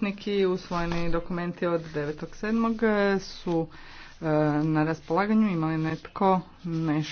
neki usvojeni dokumenti od 9.7. su e, na raspolaganju. imali netko nešto?